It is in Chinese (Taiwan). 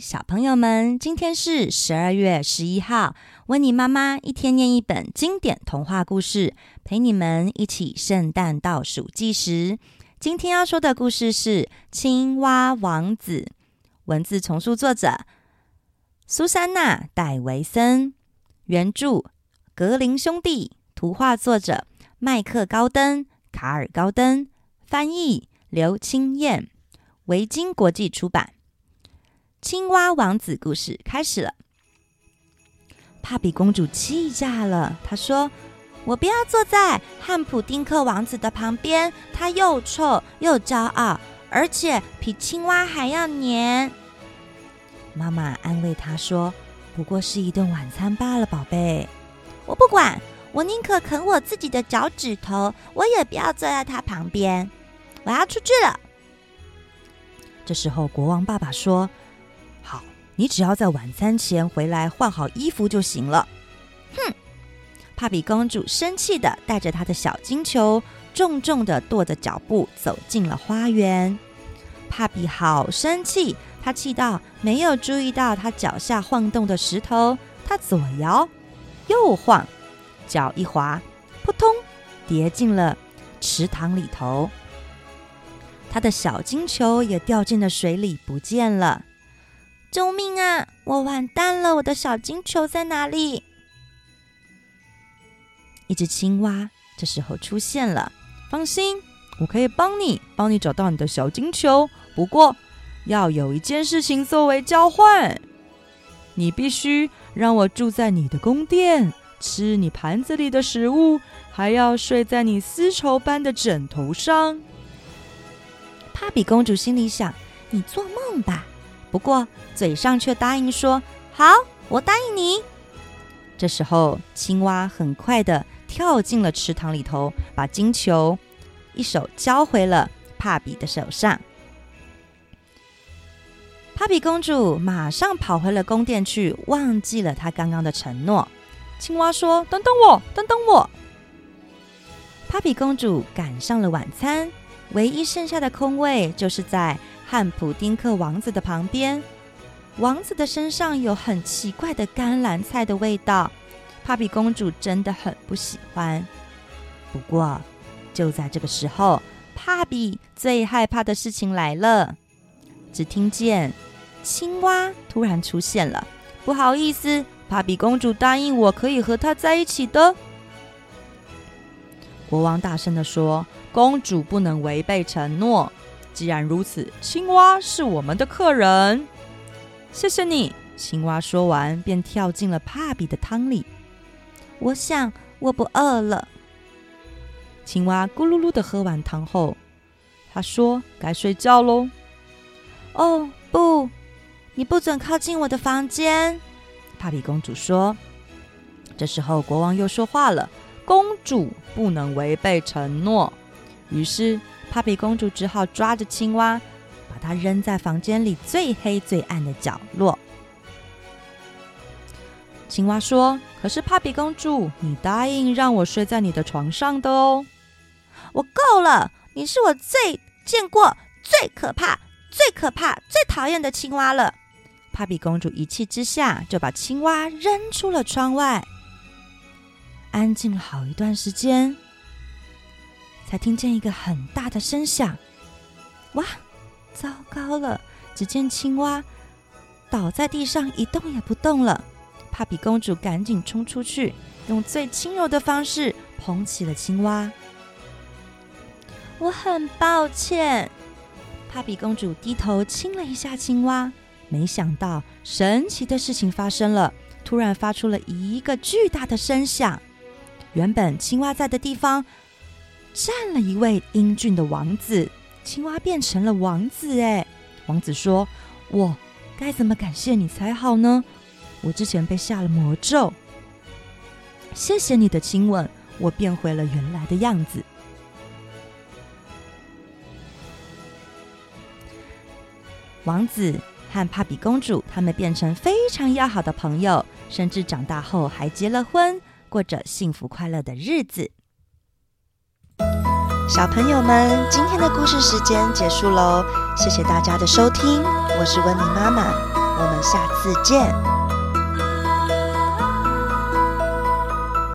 小朋友們，今天是十二月十一號。溫妮媽媽一天念一本經典童話故事，陪你們一起聖誕倒數計時。今天要說的故事是《青蛙王子》，文字重述作者蘇珊娜·戴維森，原著格林兄弟，圖畫作者麥可·高登、卡爾·高登，翻譯劉清彥，維京國際出版。青蛙王子故事開始了。帕比公主氣炸了，她說：“我不要坐在漢普丁克王子的旁邊，他又臭又驕傲，而且比青蛙還要黏。”媽媽安慰她說：“不過是一頓晚餐罷了，寶貝。我不管，我寧可啃我自己的腳趾頭，我也不要坐在他旁邊。我要出去了。”這時候，國王爸爸說。你只要在晚餐前回來換好衣服就行了。哼！帕比公主生氣地帶着她的小金球，重重地跺着腳步走進了花園。帕比好生氣，她氣到沒有注意到她腳下晃動的石頭，她左搖右晃，腳一滑，撲通，跌進了池塘裡頭。她的小金球也掉進了水裡，不見了。救命啊！我完蛋了，我的小金球在哪裡？一隻青蛙這時候出現了。放心，我可以幫你，幫你找到你的小金球。不過，要有一件事情作為交換，你必須讓我住在你的宮殿，吃你盤子裡的食物，還要睡在你絲綢般的枕頭上。帕比公主心裡想：你做夢吧！不過，嘴上卻答應說：“好，我答應你。”這時候，青蛙很快的跳進了池塘裡頭，把金球一手交回了帕比的手上。帕比公主馬上跑回了宮殿去，忘記了她剛剛的承諾。青蛙說：“等等我，等等我。”帕比公主趕上了晚餐，唯一剩下的空位就是在漢普丁克王子的旁邊，王子的身上有很奇怪的甘藍菜的味道，帕比公主真的很不喜歡。不過就在這個時候，帕比最害怕的事情來了，只聽見青蛙突然出現了。不好意思，帕比公主答應我可以和他在一起的。國王大聲的說：“公主不能違背承諾。”既然如此，青蛙是我們的客人。謝謝你。青蛙說完，便跳進了帕比的湯裡。我想我不餓了。青蛙咕嚕嚕的喝完湯後，他說：“該睡覺嘍。”“哦，不，你不准靠近我的房間。”帕比公主說。這時候，國王又說話了：“公主不能違背承諾。”於是，帕比公主只好抓着青蛙，把它扔在房間裡最黑最暗的角落。青蛙說：“可是，帕比公主，你答應讓我睡在你的床上的哦。”我夠了！你是我最見過最可怕、最可怕、最討厭的青蛙了。帕比公主一氣之下就把青蛙扔出了窗外。安靜了好一段時間。才聽見一個很大的聲響，哇！糟糕了！只見青蛙倒在地上一動也不動了。帕比公主趕緊衝出去，用最輕柔的方式捧起了青蛙。我很抱歉，帕比公主低頭親了一下青蛙。沒想到，神奇的事情發生了，突然發出了一個巨大的聲響。原本青蛙在的地方，站了一位英俊的王子，青蛙變成了王子。哎，王子說：“我該怎麼感謝你才好呢？我之前被下了魔咒。”謝謝你的親吻，我變回了原來的樣子。王子和帕比公主他們變成非常要好的朋友，甚至長大後還結了婚，過着幸福快樂的日子。小朋友們，今天的故事時間結束嘍，謝謝大家的收聽，我是溫妮媽媽，我們下次見。